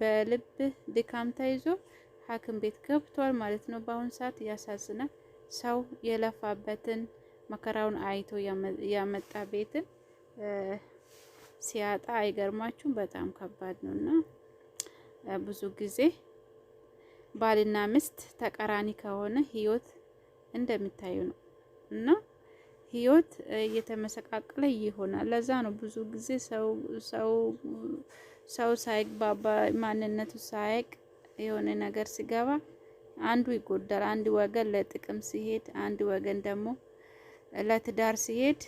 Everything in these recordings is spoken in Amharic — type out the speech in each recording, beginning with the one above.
በልብ ድካም ተይዞ ሐኪም ቤት ገብቷል ማለት ነው። በአሁኑ ሰዓት ያሳዝናል። ሰው የለፋበትን መከራውን አይቶ ያመጣ ቤትን ሲያጣ አይገርማችሁም? በጣም ከባድ ነው እና ብዙ ጊዜ ባልና ሚስት ተቃራኒ ከሆነ ህይወት እንደሚታዩ ነው እና ህይወት እየተመሰቃቀለ ይሆናል። ለዛ ነው ብዙ ጊዜ ሰው ሰው ሰው ሳይቅ ባባ ማንነቱ ሳይቅ የሆነ ነገር ሲገባ አንዱ ይጎዳል። አንድ ወገን ለጥቅም ሲሄድ፣ አንድ ወገን ደግሞ ለትዳር ሲሄድ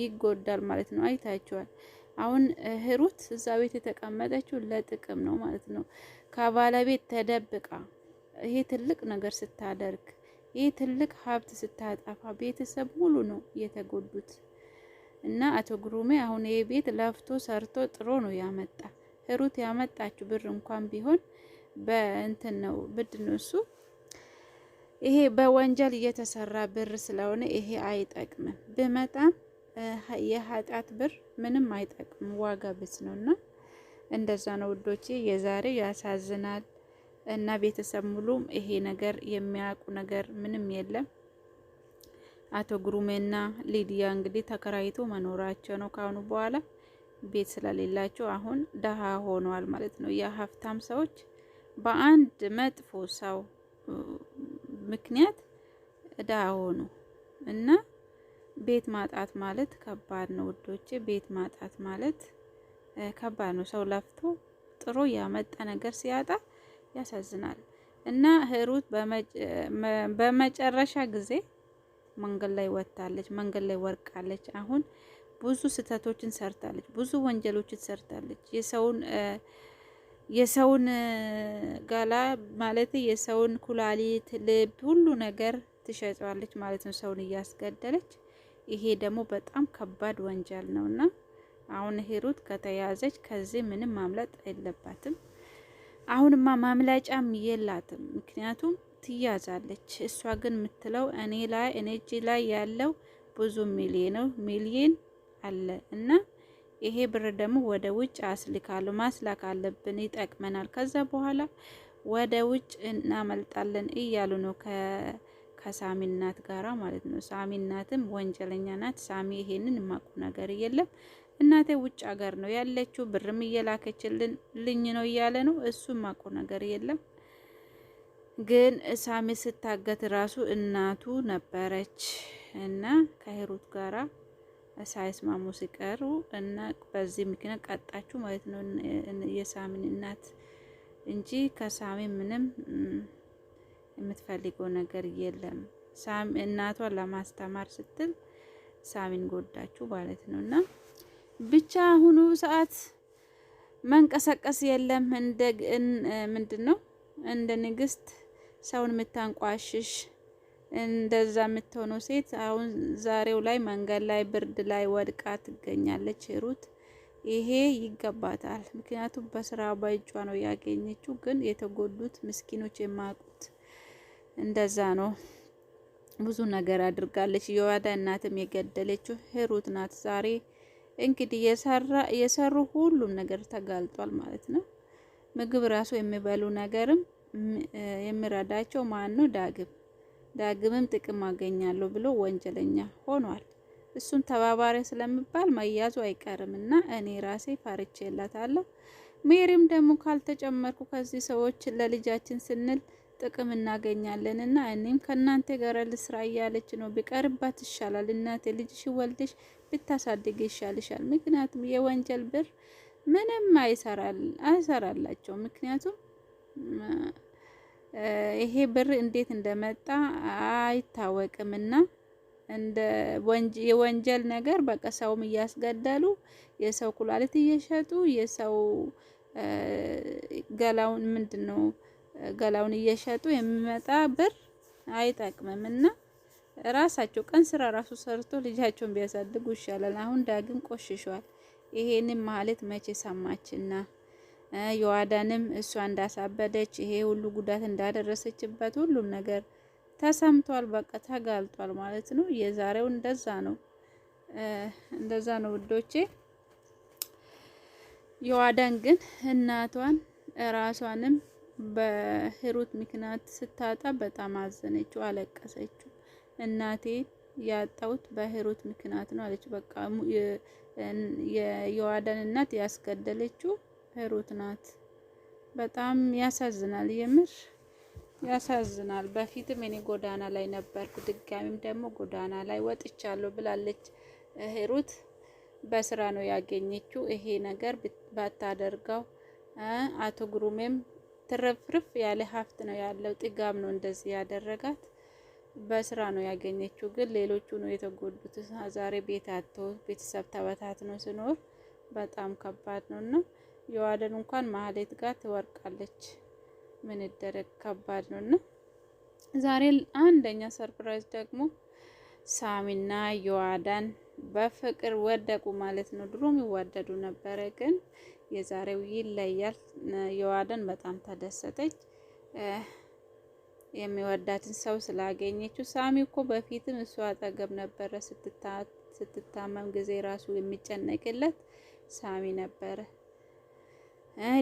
ይጎዳል ማለት ነው። አይታችኋል። አሁን ህሩት እዛ ቤት የተቀመጠችው ለጥቅም ነው ማለት ነው። ከባለቤት ተደብቃ ይሄ ትልቅ ነገር ስታደርግ፣ ይሄ ትልቅ ሀብት ስታጠፋ ቤተሰብ ሙሉ ነው የተጎዱት። እና አቶ ግሩሜ አሁን ይሄ ቤት ለፍቶ ሰርቶ ጥሮ ነው ያመጣ። ሩት ያመጣችሁ ብር እንኳን ቢሆን በእንትን ነው ብድ ነው እሱ ይሄ በወንጀል እየተሰራ ብር ስለሆነ ይሄ አይጠቅምም። ብመጣም የኃጢአት ብር ምንም አይጠቅምም፣ ዋጋ ብስ ነው እና እንደዛ ነው ውዶቼ። የዛሬ ያሳዝናል እና ቤተሰብ ሙሉም ይሄ ነገር የሚያውቁ ነገር ምንም የለም። አቶ ግሩሜና ሊዲያ እንግዲህ ተከራይቶ መኖራቸው ነው። ካሁኑ በኋላ ቤት ስለሌላቸው አሁን ደሃ ሆነዋል ማለት ነው። የሀብታም ሰዎች በአንድ መጥፎ ሰው ምክንያት ደሃ ሆኑ እና ቤት ማጣት ማለት ከባድ ነው ውዶቼ። ቤት ማጣት ማለት ከባድ ነው። ሰው ለፍቶ ጥሮ ያመጣ ነገር ሲያጣ ያሳዝናል። እና ህሩት በመጨረሻ ጊዜ መንገድ ላይ ወጥታለች፣ መንገድ ላይ ወርቃለች። አሁን ብዙ ስህተቶችን ሰርታለች፣ ብዙ ወንጀሎችን ሰርታለች። የሰውን የሰውን ጋላ ማለት የሰውን ኩላሊት፣ ልብ፣ ሁሉ ነገር ትሸጠዋለች ማለት ነው፣ ሰውን እያስገደለች። ይሄ ደግሞ በጣም ከባድ ወንጀል ነው እና አሁን ሂሩት ከተያዘች ከዚህ ምንም ማምለጥ የለባትም። አሁንማ ማምለጫም የላትም ምክንያቱም ትያዛለች። እሷ ግን የምትለው እኔ ላይ እኔ እጅ ላይ ያለው ብዙ ሚሊዮን ነው ሚሊዮን አለ እና ይሄ ብር ደግሞ ወደ ውጭ አስልካለሁ ማስላክ አለብን፣ ይጠቅመናል። ከዛ በኋላ ወደ ውጭ እናመልጣለን እያሉ ነው ከሳሚ እናት ጋራ ማለት ነው። ሳሚ እናትም ወንጀለኛ ናት። ሳሚ ይሄንን የማቁ ነገር የለም እናቴ ውጭ ሀገር ነው ያለችው፣ ብርም እየላከችልን ልኝ ነው እያለ ነው እሱ የማቁ ነገር የለም። ግን ሳሚ ስታገት ራሱ እናቱ ነበረች እና ከሂሩት ጋራ ሳይስማሙ ሲቀሩ እና በዚህ ምክንያት ቀጣችሁ ማለት ነው የሳሚን እናት እንጂ ከሳሚ ምንም የምትፈልገው ነገር የለም። ሳሚ ለማስተማር ስትል ሳሚን ጎዳችሁ ማለት ነው። እና ብቻ አሁኑ ሰዓት መንቀሳቀስ የለም። ምንድን ነው እንደ ንግስት ሰውን የምታንቋሽሽ እንደዛ የምትሆነው ሴት አሁን ዛሬው ላይ መንገድ ላይ ብርድ ላይ ወድቃ ትገኛለች ሩት። ይሄ ይገባታል። ምክንያቱም በስራ በእጇ ነው ያገኘችው። ግን የተጎዱት ምስኪኖች የማያውቁት እንደዛ ነው። ብዙ ነገር አድርጋለች። የዋዳ እናትም የገደለችው ሄሩት ናት። ዛሬ እንግዲህ የሰሩ ሁሉም ነገር ተጋልጧል ማለት ነው። ምግብ ራሱ የሚበሉ ነገርም የሚረዳቸው ማን ነው? ዳግም ዳግምም ጥቅም አገኛለሁ ብሎ ወንጀለኛ ሆኗል። እሱም ተባባሪ ስለሚባል መያዙ አይቀርም እና እኔ ራሴ የላታለሁ። ሜሪም ደግሞ ካልተጨመርኩ ከዚህ ሰዎች ለልጃችን ስንል ጥቅም እናገኛለን እና እኔም ከእናንተ ጋር ልስራ እያለች ነው። ቢቀርባት ይሻላል እናቴ፣ ልጅሽ ወልድሽ ብታሳድግ ይሻልሻል። ምክንያቱም የወንጀል ብር ምንም አይሰራላቸው። ምክንያቱም ይሄ ብር እንዴት እንደመጣ አይታወቅምና እንደ የወንጀል ነገር በቃ ሰውም እያስገደሉ የሰው ኩላሊት እየሸጡ የሰው ገላውን ምንድን ነው ገላውን እየሸጡ የሚመጣ ብር አይጠቅምም እና ራሳቸው ቀን ስራ ራሱ ሰርቶ ልጃቸውን ቢያሳድጉ ይሻላል። አሁን ዳግም ቆሽሿል። ይሄንን ማለት መቼ ሰማችና የዋዳንም እሷ እንዳሳበደች ይሄ ሁሉ ጉዳት እንዳደረሰችበት ሁሉም ነገር ተሰምቷል። በቃ ተጋልጧል ማለት ነው። የዛሬው እንደዛ ነው፣ እንደዛ ነው ውዶቼ። የዋዳን ግን እናቷን ራሷንም በህሩት ምክንያት ስታጣ በጣም አዘነችው፣ አለቀሰችው። እናቴ ያጣሁት በህሩት ምክንያት ነው አለች። በቃ የዋዳን እናት ያስገደለችው ሩት ናት። በጣም ያሳዝናል፣ የምር ያሳዝናል። በፊትም እኔ ጎዳና ላይ ነበርኩ፣ ድጋሚም ደግሞ ጎዳና ላይ ወጥቻለሁ ብላለች ሩት በስራ ነው ያገኘችው። ይሄ ነገር ባታደርገው አቶ ግሩሜም ትርፍርፍ ያለ ሀብት ነው ያለው። ጥጋብ ነው እንደዚህ ያደረጋት። በስራ ነው ያገኘችው፣ ግን ሌሎቹ ነው የተጎዱት። ዛሬ ቤት አቶ ቤተሰብ ተበታትኖ ስኖር በጣም ከባድ ነውና የዋለን እንኳን ማህሌት ጋር ትወርቃለች። ምን ይደረግ ከባድ ነው እና ዛሬ አንደኛ ሰርፕራይዝ ደግሞ ሳሚና የዋዳን በፍቅር ወደቁ ማለት ነው። ድሮም ይዋደዱ ነበረ፣ ግን የዛሬው ይለያል። የዋዳን በጣም ተደሰተች የሚወዳትን ሰው ስላገኘችው። ሳሚ እኮ በፊትም እሱ አጠገብ ነበረ ስትታመም ጊዜ ራሱ የሚጨነቅለት ሳሚ ነበረ።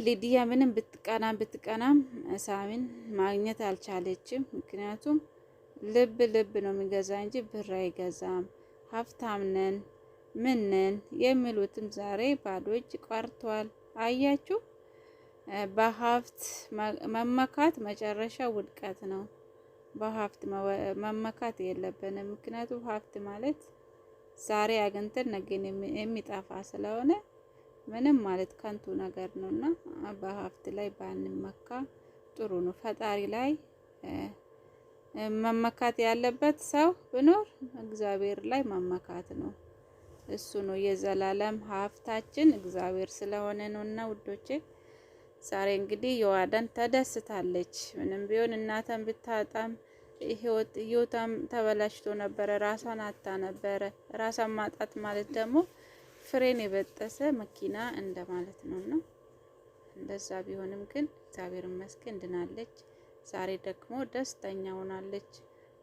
ሊዲያ ምንም ብትቀናም ብትቀናም ሳሚን ማግኘት አልቻለችም። ምክንያቱም ልብ ልብ ነው የሚገዛ እንጂ ብር አይገዛም። ሀብታም ነን ምን ነን የሚሉትም ዛሬ ባዶ እጅ ቀርቷል። አያችሁ፣ በሀብት መመካት መጨረሻ ውድቀት ነው። በሀብት መመካት የለብንም። ምክንያቱም ሀብት ማለት ዛሬ አግኝተን ነገን የሚጠፋ ስለሆነ ምንም ማለት ከንቱ ነገር ነው እና በሀብት ላይ ባንመካ ጥሩ ነው። ፈጣሪ ላይ መመካት ያለበት ሰው ብኖር እግዚአብሔር ላይ መመካት ነው። እሱ ነው የዘላለም ሀብታችን እግዚአብሔር ስለሆነ ነው። እና ውዶቼ ዛሬ እንግዲህ የዋዳን ተደስታለች። ምንም ቢሆን እናተን ብታጣም ህይወቷም ተበላሽቶ ነበረ። ራሷን አታ ነበረ። ራሷን ማጣት ማለት ደግሞ ፍሬን የበጠሰ መኪና እንደማለት ነው እንደዛ ቢሆንም ግን እግዚአብሔር ይመስገን ድናለች። ዛሬ ደግሞ ደስተኛ ሆናለች።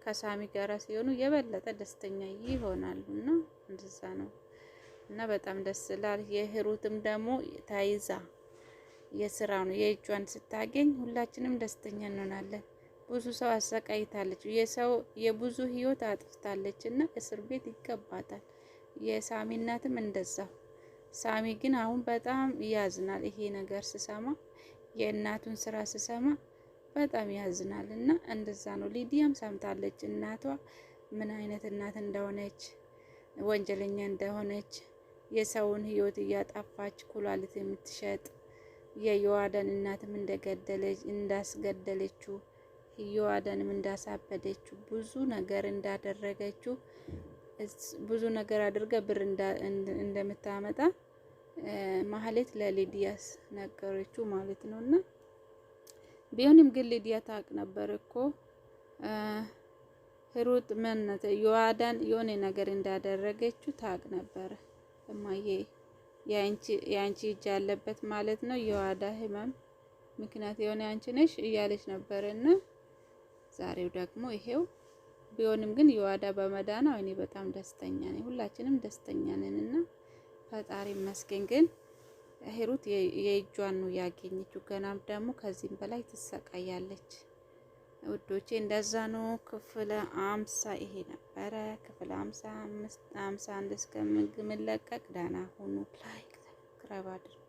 ከሳሚ ጋር ሲሆኑ የበለጠ ደስተኛ ይሆናሉና እንደዛ ነው እና በጣም ደስ ይላል። የህሩትም ደግሞ ታይዛ የስራ ነው የእጇን ስታገኝ ሁላችንም ደስተኛ እንሆናለን። ብዙ ሰው አሰቃይታለች፣ የሰው የብዙ ህይወት አጥፍታለች እና እስር ቤት ይገባታል። የሳሚ እናትም እንደዛ ሳሚ ግን አሁን በጣም ያዝናል። ይሄ ነገር ስሰማ የእናቱን ስራ ስሰማ በጣም ያዝናል። እና እንደዛ ነው። ሊዲያም ሰምታለች እናቷ ምን አይነት እናት እንደሆነች፣ ወንጀለኛ እንደሆነች፣ የሰውን ህይወት እያጣፋች ኩላሊት የምትሸጥ የዮአዳን እናትም እንደገደለች እንዳስገደለችው፣ ዮአዳንም እንዳሳበደችው፣ ብዙ ነገር እንዳደረገችው ብዙ ነገር አድርጋ ብር እንደምታመጣ ማህሌት ለሊዲያስ ነገረችው ማለት ነው። እና ቢሆንም ግን ሊዲያ ታውቅ ነበር እኮ ሂሩት ምነት የዋዳን የሆነ ነገር እንዳደረገችው ታውቅ ነበረ። እማዬ የአንቺ እጅ አለበት ማለት ነው የዋዳ ህመም ምክንያት የሆነ አንቺ ነሽ እያለች ነበረ እና ዛሬው ደግሞ ይሄው ቢሆንም ግን የዋዳ በመዳናው እኔ በጣም ደስተኛ ነኝ። ሁላችንም ደስተኛ ነን እና ፈጣሪ ይመስገን። ግን ሄሩት የእጇን ነው ያገኘችው። ገናም ደግሞ ከዚህም በላይ ትሰቃያለች። ውዶቼ እንደዛ ነው። ክፍለ አምሳ ይሄ ነበረ። ክፍለ አምሳ አምስት አምሳ አንድ እስከምንለቀቅ ደህና ሁኑ። ላይክ ሰብስክራይብ አድርጉ።